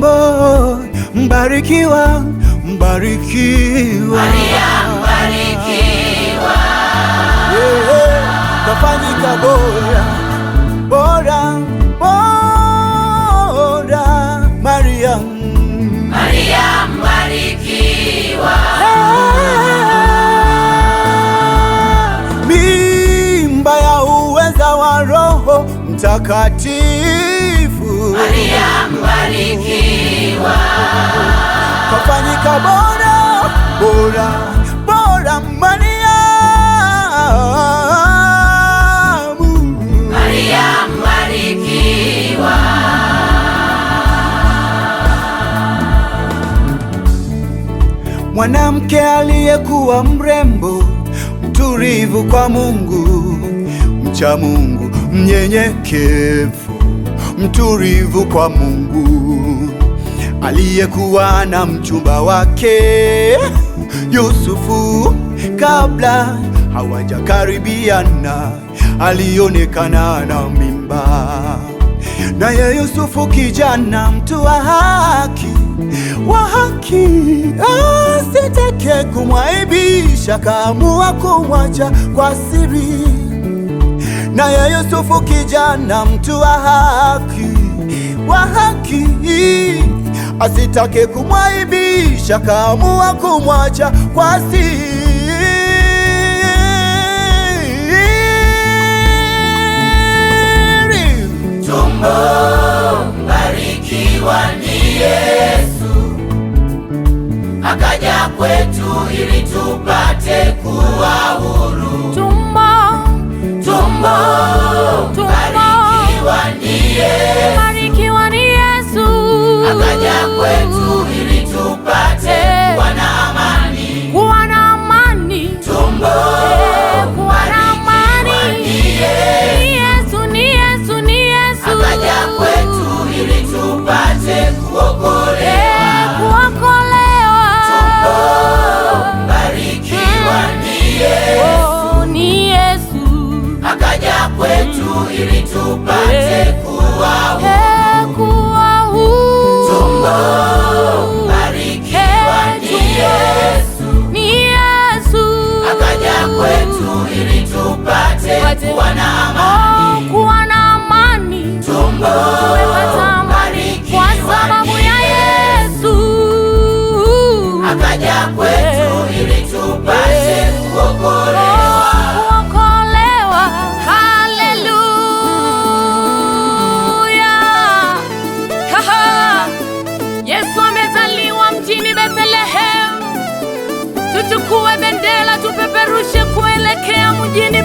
tumbo, mbarikiwa, mbarikiwa. Maria mbarikiwa. Yeah, yeah. Kafanyika bora, bora, bora. Maria, mm. Maria mbarikiwa. mimba ya uweza wa Roho Mtakatifu Maria mbarikiwa, kafanyika bora bora bora Maria Maria mbarikiwa. Mwanamke aliyekuwa mrembo, mturivu kwa Mungu, mcha Mungu, mnyenyekevu mturivu kwa Mungu, aliyekuwa na mchumba wake Yusufu. Kabla hawajakaribiana alionekana na mimba, naye Yusufu kijana, mtu wa haki wa haki asitake kumwaibisha, kaamua kumwacha kwa siri naye Yusufu kijana mtu wa haki, wa haki asitake kumwaibisha, kaamua kumwacha kwa siri Akaja kwetu ili tupate kuwa huru. yote kuwa na amani, oh, kuwa na amani. Kwa sababu ya Yesu akaja kwetu eh. ili tupate eh. oh, mjini Tuchukue bendera tupeperushe kuelekea mjini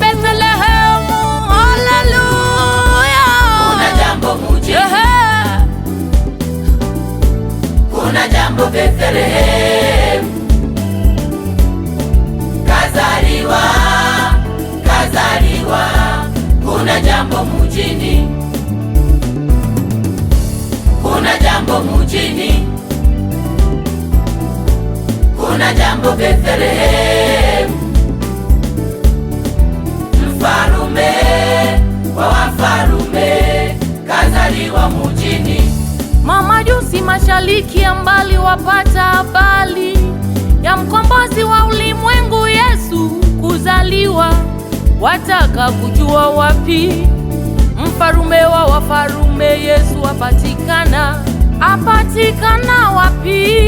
hapo Bethlehemu, kazaliwa kazaliwa, kuna jambo mjini, kuna jambo mjini, kuna jambo Bethlehemu, mfalume wa wafalume kazaliwa mjini Mama jusi mashariki ya mbali wapata habari ya mkombozi wa ulimwengu Yesu kuzaliwa, wataka kujua wapi mfarume wa wafarume Yesu apatikana, apatikana wapi?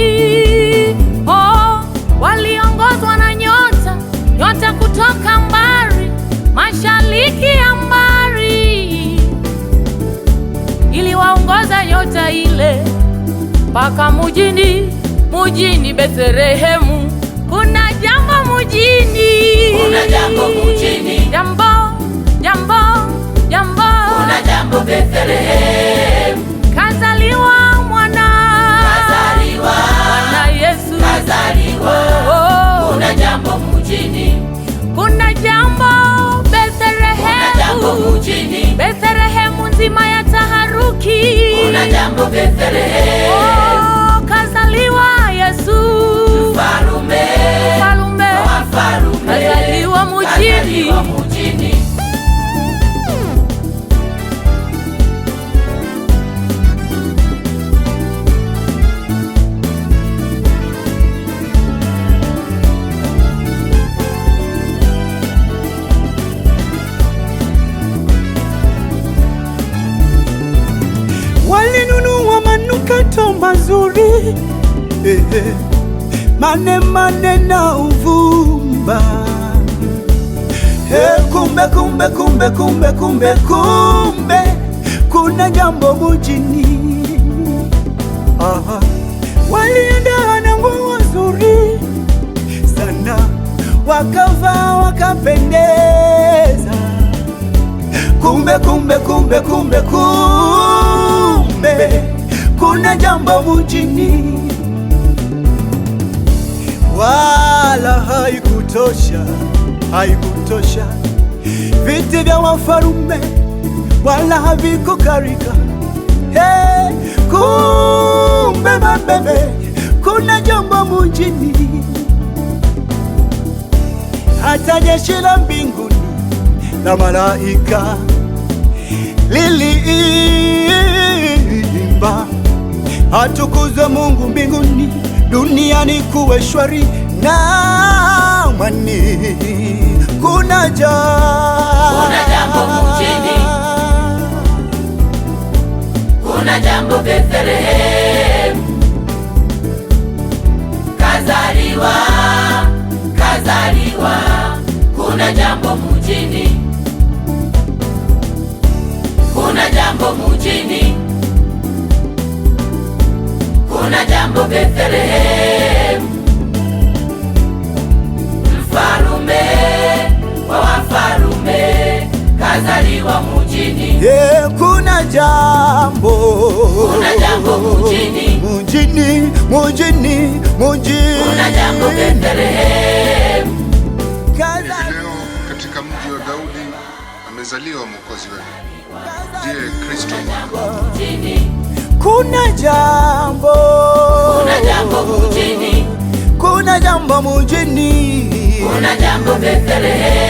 mpaka mujini, mujini Bethlehemu, kuna jambo mujini, kuna jambo mujini, jambo jambo jambo, kuna jambo Bethlehemu kazaliwa mori Mane mane na uvumba eh, kumbe kumbe kumbe kumbe kumbe kumbe kuna jambo mujini Aha. Walienda na nguo nzuri sana wakavaa wakapendeza kumbe kumbe kumbe kumbe kumbe hakuna jambo mjini, wala haikutosha, haikutosha. Viti vya wafarume wala havikukarika. Hey, kumbe mabebe, kuna jambo mjini, hata jeshi la mbinguni na malaika liliimba atukuzwe Mungu mbinguni, duniani kuwe shwari na amani. Kuna jambo mjini, kuna jambo Bethlehemu Bethlehemu, mfalume wa wafalume kazaliwa kuna jambo, kuna jambo mujini, mujini, kuna jambo Bethlehemu. katika mji wa Daudi amezaliwa mwokozi wetu, ndiye Kristo. Kuna jambo kuna jambo mjini, kuna jambo mjini, kuna jambo Bethlehemu